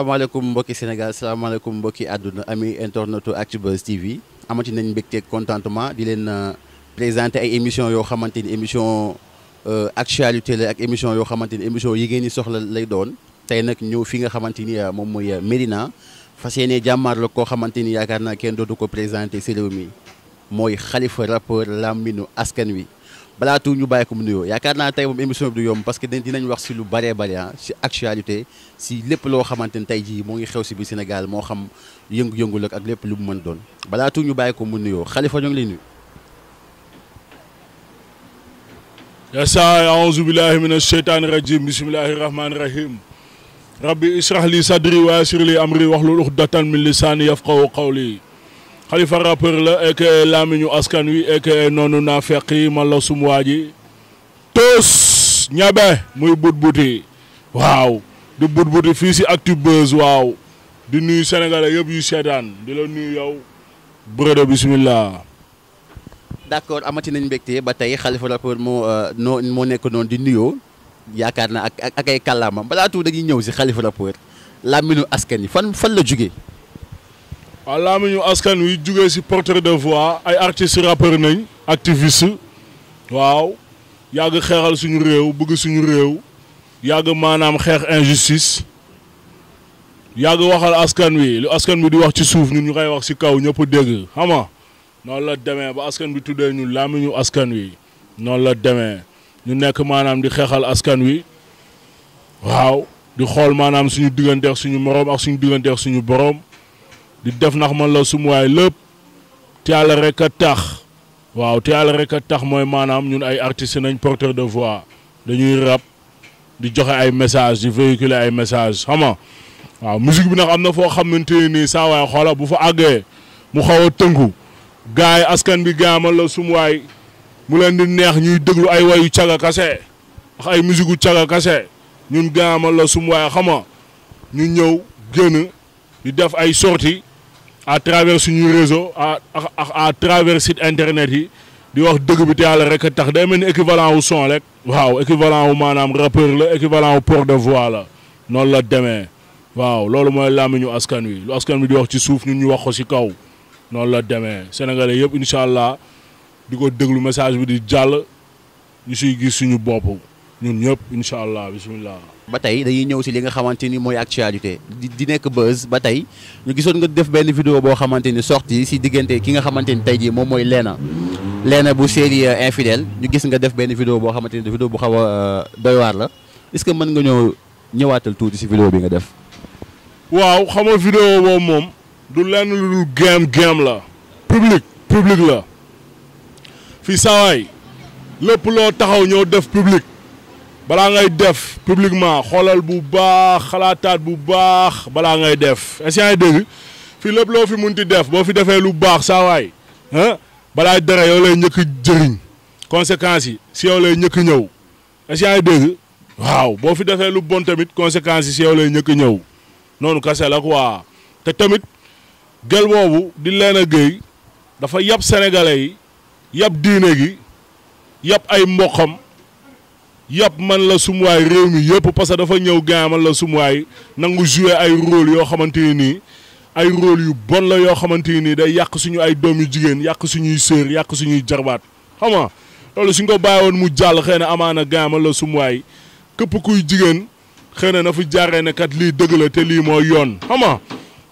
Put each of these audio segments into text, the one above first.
salaamaaleykum mbokki Sénégal salaamaaleykum mbokki àdduna ami internetu Actubuzz TV amati nañ mbégteeg contentement di leen euh, présenté ay émission yoo xamante ni émission euh, actualité la ak émission yoo xamante ni émission yi ngeen di soxla lay doon tey nag ñëw fi nga xamante ni euh, moom mooy Médina fas yéene jàmmaar la koo xamante ni yaakaar naa kenn dootu ko présenté si réew mi mooy xalifa rapport làmmiñu askan wi. balaa tuut ñu bàyyi ko mu nuyoo yaakaar naa tey moom émission bi du yomb parce que dinañ wax si lu bëree bëri ah si actualité si lépp loo xamante ni tey jii moo ngi xew si biir Sénégal moo xam yëngu-yëngu la ak lépp lu mu mën doon balaa tuut ñu bàyyi ko mu nuyoo Khalifa ñu ngi lay nuyu. yasaay aouzu billahi mina sheytaani rajim bismillahi rahmaani rahim rabbi israh li sadri wa yassir li amri wahlul uqdatan min lisaani yafqahu qawli xalifa rappeur la ek euh, laamiñu askan wi ek euh, noonu naa feqi man la sum waa ji ñabe muy but buti waaw di but buti fii si Actubuzz waaw di nuyu sénégalais yëpp yu seetaan di la nuyu yow brodo bismillah d'accord amati nañ mbégte ba tey Khalifa rappeur moo euh, noo moo nekk noonu di nuyoo yaakaar na ak ak ay kàllaamam balaa tuuti dañuy ñëw si Khalifa rappeur laamiñu askan yi fan fan la jógee waaw làmmiñu askan wi jógee si porteur de voix ay artistes rappeurs nañ activiste waaw yàgg xeexal suñu réew bugg suñu réew yàgg maanaam xeex injustice yàgg waxal askan wi lu askan wi di wax ci suuf ñun ñu koy wax si kaw ñëpp dégg xam nga la demee ba askan bi tuddee ñun làmmiñu askan wi noonu la demee ñu nekk maanaam di xeexal askan wi waaw di xool maanaam suñu digganteex suñu moroom ak suñu digganteex suñu boroom di def ndax man la sumuwaay lépp te yàlla rek a tax waaw te yàlla rek a tax mooy maanaam ñun ay artistes nañ porteur de voix dañuy rap di joxe ay message di véhiculer ay message xam waaw musique bi nag am na foo xamante ne nii saa waay xoola bu fa àggee mu xaw a tënku gars yi askan bi gars man la sumuwaay mu leen di neex ñuy déglu ay wayu caga kase ay musique u kase ñun gars man la sumuwaay xam ñu ñëw génn di def ay sorti à travers suñuy réseau à à travers site internet yi di wax dëgg bi te yàlla rek a tax day mel ni équivalent wu son rek. waaw équivalent wu maanaam rappeur la équivalent wu port de voix la noonu la demee waaw loolu mooy làmmiñu askan wi lu askan wi di wax ci suuf ñun ñu wax ko ci kaw noonu la demee sénégalais yëpp incha allah di ko déglu message bi di jàll ñu siy gis suñu bopp. ñun ñëpp incha allah bisimilah. ba tey dañuy ñëw si li nga xamante ni mooy actualité di nekk buzz ba tey ñu gisoon nga def benn vidéo boo xamante ni sorti si diggante ki nga xamante ni tey jii moom mooy Léna Léna bu série euh, infidèle ñu gis nga def benn vidéo boo xamante ni vidéo bu xaw a euh, doy waar la est-ce que mën nga ñëw ñëwaatal tuuti si vidéo bi nga def. waaw xam nga vidéo boobu moom du lenn lu dul game game la. public public la. fii saawaay lépp loo taxaw ñoo def public. balaa ngay def publiquement xoolal bu baax xalaataat bu baax balaa ngay def instant yi dégg fii lépp loo fi munti def boo fi defee lu baax saa balaa dara yow lay ñëkk jëriñ conséquences yi si yow lay ñëkk ñëw instant yi dégg waaw boo fi defee lu bon tamit conséquences yi si yow lay ñëkk ñëw noonu kase la quoi te tamit gel boobu di leen a Gueye dafa yab sénégalais yi yàpp diine gi yàpp ay mboqam. yëpp man la sumuwaay réew mi yëpp parce que dafa ñëw gaa man la sumuwaay nangu jouer ay rôle yoo xamante ne nii ay rôle yu bon la yoo xamante nii day yàq suñu ay doom yu jigéen yàq suñuy sœur yàq suñuy jarbaat xam nga loolu suñ ko bàyyi woon mu jàll xëy na amaana gaa man la sumuwaay képp kuy jigéen xëy na na fi jaaree ne kat lii dëgg la te lii moo yoon xam nga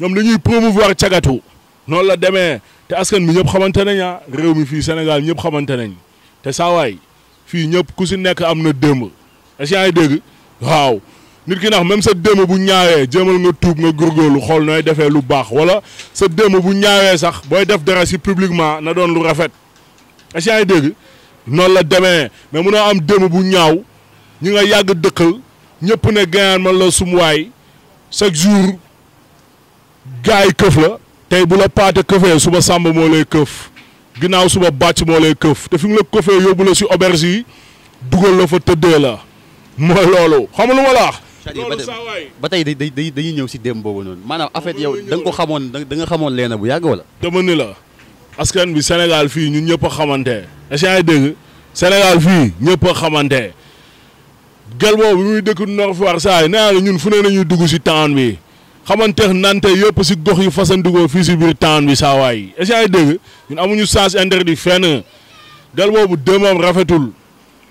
ñoom dañuy promouvoir cagatu noonu la demee te askan bi ñëpp xamante nañ ah réew mi fii Sénégal ñëpp xamante nañ te saawaay fii ñëpp ku si nekk am na démb est-ce ngi dégg waaw nit ki ndax même sa démb bu ñaawee jéemal nga tuub nga góorgóorlu xool nooy defee lu baax wala sa démb bu ñaawee sax booy def dara si publiquement na doon lu rafet est-ce ngi dégg noon la demee mais munoo am démb bu ñaaw ñi nga yàgg dëkkal ñëpp ne gayaan man la sumuwaay chaque jour gaay këf la tey bu la paate këfee suba sàmba moo lay këf ginnaaw suba bàcc moo lay këf te fi mu la këfee yóbbu la si auberge yi dugal la fa tëddee la mooy loolu xam lu ma la wax. loolu saa ba tey day day dañuy ñëw si dém boobu noonu maanaam en fait yow ko xamoon da nga xamoon leena bu yàgg wala. dama ni la askan bi Sénégal fii ñu ñëpp xamante est-ce que dégg Sénégal fii ñëpp a xamante gel boobu muy dëkk Nord Foire saa yi nee la ñun fu ne ñuy dugg si temps bi. xamanteex nante yëpp si gox yi fasandigoo fii si biir town bi saa waay est-ce que dégg ñun amuñu sens interdit fenn gal boobu dëmam rafetul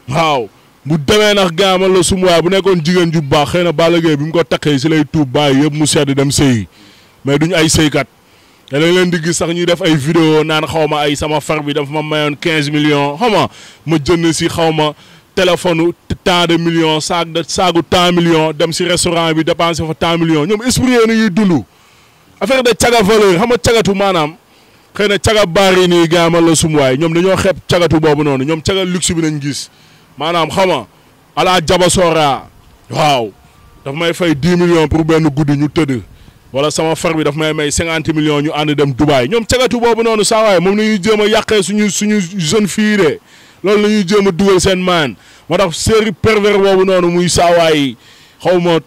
waaw bu demee nax gaa man la sumuwaay bu nekkoon jigéen ju baax xëy na Balla Gaye bi mu ko takkee si lay tuub bàyyi yëpp mu sedd dem sëy mais duñu ay sëykat da lañ leen di gis sax ñuy def ay vidéo naan xaw ma ay sama far bi dafa ma mayoon quinze millions xaw ma jën si xawma téléphone tent de million saag de saagu tant millions dem si restaurant bi dépensé fa tant millions ñoom esprit yooyu ñuy dund affaire de caga valeur xam nga cagatu maanaam xëy na caga baar yi nii gaamal la sum waaye ñoom dañoo xeeb cagatu boobu noonu ñoom caga luxe bi nañ gis maanaam xam nga ala jabasoora waaw daf may fay dix millions pour benn guddi ñu tëdd wala sama far bi daf may may cinquante million ñu ànd dem Dubaay ñoom cagatu boobu noonu saa waay moom la ñuy jéem a yàqee suñu suñu jeune fii de loolu la jéem a dugal seen maan moo tax série pervers boobu noonu muy saawaay xawma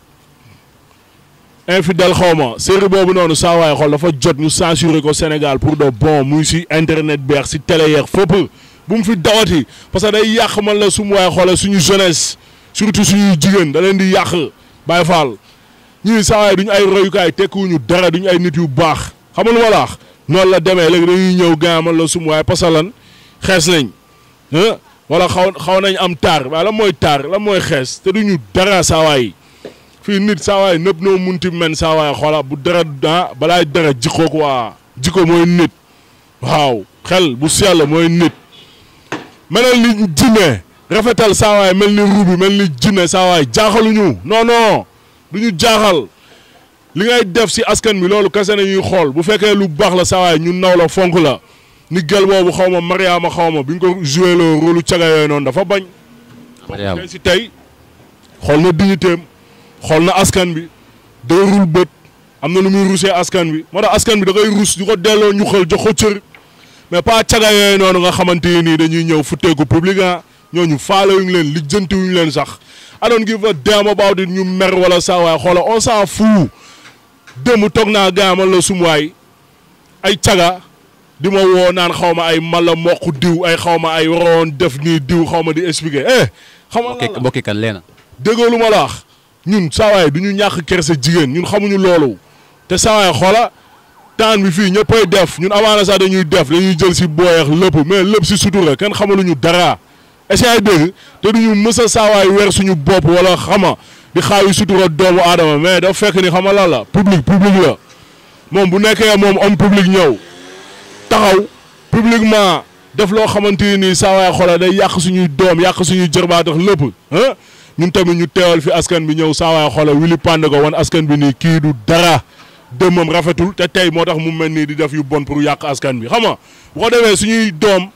ma infidèle xaw ma série boobu noonu saawaay xool dafa jot ñu censuré ko Sénégal pour de bon muy si internet beex si télé yeex fépp bu mu fi dawati parce que day yàq man la su mu waay xoolee suñu jeunesse surtout suñuy jigéen da leen di yàq Baye Fall ñii saawaay duñu ay royukaay tekkuñu dara duñu ay nit yu baax xam nga lu ma la wax noonu la demee léegi dañuy ñëw gaa man la su xees nañ. wala xaw xaw nañ am taar waaye lan mooy taar lan mooy xees te duñu dara saawaay fii nit saawaay nëpp noo munti men saawaay xoola bu dara ah balaa dara jikko quoi jikko mooy nit waaw xel bu sell mooy nit melal ni jinne rafetal saawaay mel ni ruubi mel ni jinne saawaay jaaxaluñu non non ñu jaaxal li ngay def si askan bi loolu kese na ñuy xool bu fekkee lu baax la saawaay ñu naw la fonk la ni gel boobu xaw ma Mariama ma bi ñu ko joué loo rôle yooyu noonu dafa bañ. Mariama si tey xool na dignitéem xool na askan bi day rul na lu muy rusee askan bi moo askan bi da koy rus di ko delloo ñu xël jox ko cër mais pas caga yooyu noonu nga xamante nii dañuy ñëw futteeku publiquement ah. ñooñu faalewuñu leen lijjantiwuñu leen sax. adoon gi fa di ñu mer wala saa xoola on s'en fout démb toog naa gaamal la sum ay caga. di ma woo naan xaw ma ay mala mokk diw ay xaw ma ay waroon def nii diw xaw ma di expliquer eh. xam nga mbokki kan leena déggoo lu ma la wax ñun saawaay du ñu ñàkk kersa jigéen ñun xamuñu loolu te saawaay xoola taan bi fii ñëppay def ñun amaana sax dañuy def dañuy jël si booyax lépp mais lépp si sutura kenn xamaluñu dara est-ce ay dégg te duñu mës a saawaay weer suñu bopp wala xama di xaawi sutura doomu aadama mais dafa fekk ni xama lan la public public la moom bu nekkee moom homme public ñëw taxaw publiquement def loo xamante ni saa waay xoolal day yàq suñuy doom yàq suñuy jërbaat ak lépp ah ñun tamit ñu teewal fi askan bi ñëw saa waay xoolal wili pànd ko wan askan bi nii kii du dara dëmmam rafetul te tey moo tax mu mel nii di def yu bon pour yàq askan bi xam nga bu ko defee suñuy doom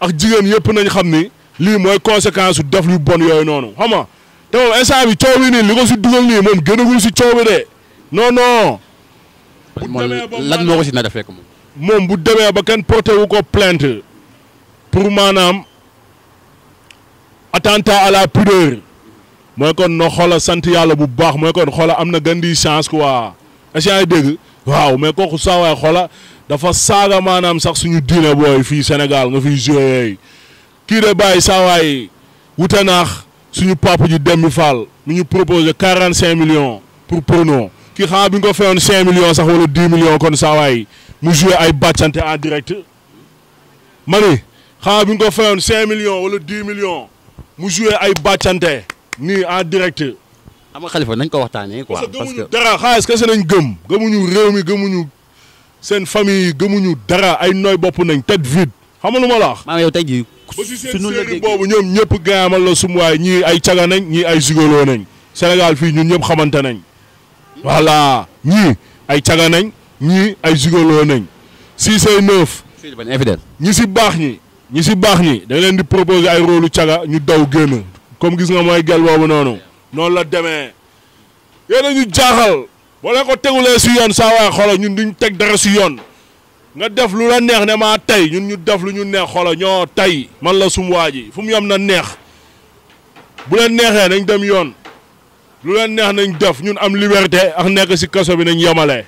ak jigéen yëpp nañ xam ni lii mooy conséquence su def lu bon yooyu noonu xam nga te moom instant bi coow bi nii li ko si dugal nii moom gënagul si coow bi de non lan moo si na def fekk moom. moom bu demee ba kenn porté wu ko plainte pour maanaam attentat à la pudeur mooy kon no xoola sant yàlla bu baax mooy kon xoola am na gan di chance quoi est-ce que dégg waaw mais kooku saa waay xoola dafa saaga maanaam sax suñu diine booy fii Sénégal nga fiy joué kii de bàyyi saa waay wute naax suñu papa ji Demba Fall mi ñu proposé quarante cinq pour Prono kii xanaa bi ñu ko fayoon cinq millions sax wala dix millions kon saa mu joué ay bàccante en direct ma ni xanaa bi nga ko fayoon cinq millions wala dix millions mu joué ay bàccante nii en direct. am nga Khalifa nañ ko waxtaanee quoi. parce que dara xaalis kese nañ gëm gëmuñu réew mi gëmuñu seen famille yi gëmuñu dara ay nooy bopp nañ tête vide xam nga lu ma la wax. maanaam yow tey jii. suñu la dégg boobu ñoom ñëpp gaamal la sum waay ñii ay caga nañ ñii ay zigolo nañ Sénégal fii ñun ñëpp xamante nañ. voilà ñii ay caga nañ. ñii ay jigoloo nañ si say neuf. ñi si baax ñi. ñi si baax ñi da leen di proposer ay rôle caga ñu daw génn comme gis nga mooy gel boobu noonu. noonu la demee yéen ñu jaaxal boo leen ko tegulee si yoon saa waay xoolal ñun duñ teg dara si yoon nga def lu la neex ne maa tey ñun ñu def lu ñu neex xoolal ñoo tey man la sum ji fu mu yem na neex bu leen neexee nañ dem yoon lu leen neex nañ def ñun am liberté ak nekk si kaso bi nañ yemale.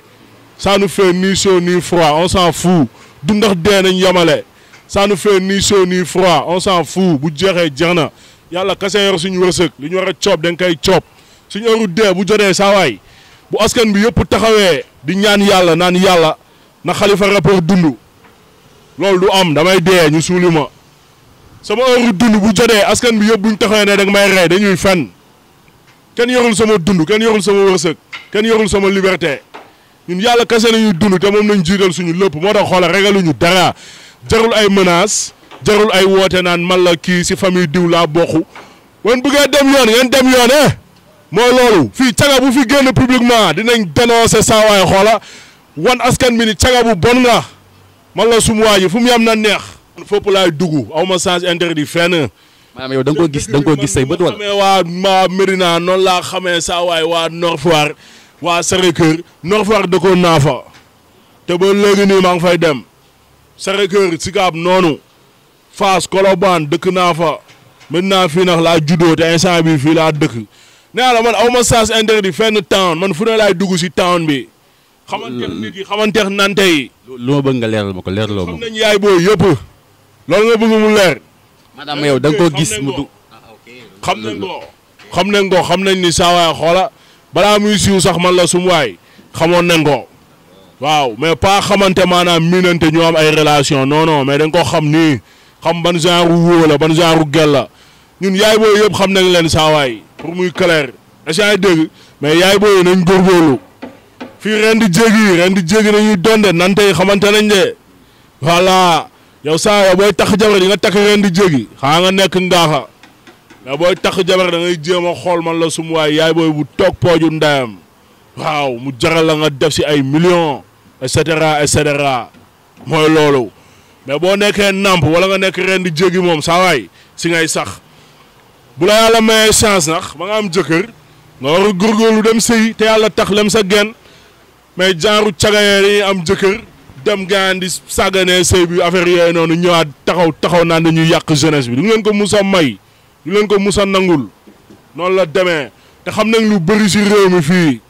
ça nous fait ni chaud ni froid on s'en fout du ndax dee nañ yamale ça nous fait ni chaud froid on s'en fout bu jeexee jeex na yàlla kese yor suñu wërsëg li ñu war a coob danga nga koy coob suñu heure dee bu jotee saa waay bu askan bi yëpp taxawee di ñaan yàlla naan yàlla na xalifa rapport dund loolu du am damay dee ñu suuli ma sama heure dund bu jotee askan bi yëpp ñu taxawee ne danga may rey dañuy fenn kenn yorul sama dund kenn yorul sama wërsëg kenn yorul sama liberté ñun yàlla kese nañu dund te moom nañ jiital suñu lépp moo tax xoola regaluñu dara jarul ay menaces jarul ay woote naan man la kii si famille diw laa bokk wen bëggee dem yoon ngeen dem yoon eh moo loolu fii caga bu fi génn publiquement dinañ dénoncer saa waay xoola wan askan bi ni caga bu bon nga man la sumu waa ji fu mu na neex. fëpp laay dugg aw ma sens interdit fenn. maanaam yow da koo gis da koo gis say bët wala. waa waa Medina noonu laa xamee saa waay waa Nord waa Sacré-Cœur Nord Foire dëkkoon naa fa te ba léegi nii maa ngi fay dem Sacré-Cœur Sicap noonu Fass Colobane dëkk naa fa maintenant fii nax laa juddoo te instant bi fii laa dëkk nee la man aw ma sens interdit fenn town man fu ne laay dugg si town bi. xamanteex nit yi xamanteex nante yi. lu ma bëgg nga leeral ma ko leeraloo ma ko. xam nañ yaay booy yëpp loolu nga bëgg ah, xam nañ ko xam nañ ko xam nañ ni saa xoola. balaa mu siiw sax man la sumu waay xamoon nañ ko waaw mais pas xamante maanaam miinante ñu am ay relation non non mais dañ ko xam nii xam ban genre wóo la ban genre gel la ñun yaay booy yëpp xam nañ leen saa waay pour muy clair est-ce que dégg mais yaay booy nañ góorgóorlu fii ren di jéggi ren di jéggi nañuy donde nan tey xamante nañ de voilà yow saa yow booy tax jabar di nga takk ren di jéggi xaa nga nekk ngaaxa mais booy tax jabar da ngay jéem a xool man la sum yaay booy bu toog pooju ndayam waaw mu jaral la nga def si ay millions et cetera et cetera mooy loolu mais boo nekkee nàmp wala nga nekk ren di jéggi moom saa waay si ngay sax bu la yàlla mayee chance nag ba nga am jëkkër nga war a góorgóorlu dem sëy te yàlla tax lem sa gen mais genre cagayee dañuy am jëkkër dem gaan di sàgganee sëy bi affaire yooyu noonu ñëwaat taxaw taxaw naan ñu yàq jeunesse bi di ngeen ko musa may ñu leen ko musa nangul noonu la demee te xam nañ lu bëri si réew mi fii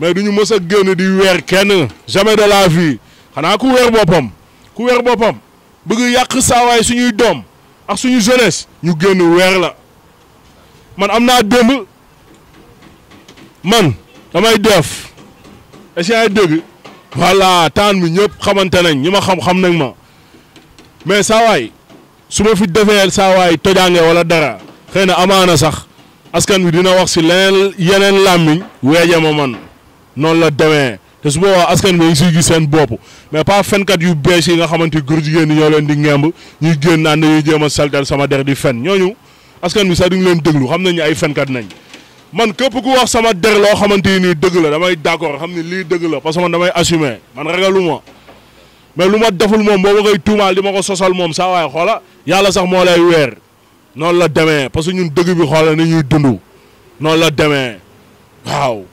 mais du ñu mës a génn di weer kenn jamais de la vie xanaa ku weer boppam ku weer boppam bëgg yàq saawaay suñuy doom ak suñu jeunesse ñu génn weer la man am naa démb man damay def essien dëgg voilà taan mi ñëpp xamante nañ ñi ma xam-xam nañ ma mais saawaay su ma fi defee saa waay tojaange wala dara xëy na amaana sax askan wi dina wax si leneen yeneen làmmiñ weeje ma man noonu la demee te su boobaa askan bi ngi siy gis seen bopp mais pas fenkat yu bees yi nga xamante góor jigéen ñi ñoo leen di ngemb ñuy génn naan dañuy jéem a saltal sama der di fen ñooñu askan bi sax duñu leen déglu xam nañu ay fenkat nañ man képp ku wax sama der loo xamante ni dëgg la damay d'accord xam ni lii dëgg la parce que man damay assumer man ragaluma mais lu ma deful moom boo ma koy tuumaal di ma ko sosal moom saa xoola yàlla sax moo lay weer noonu la demee parce que ñun dëgg bi xoola ni ñuy dund noonu la demee waaw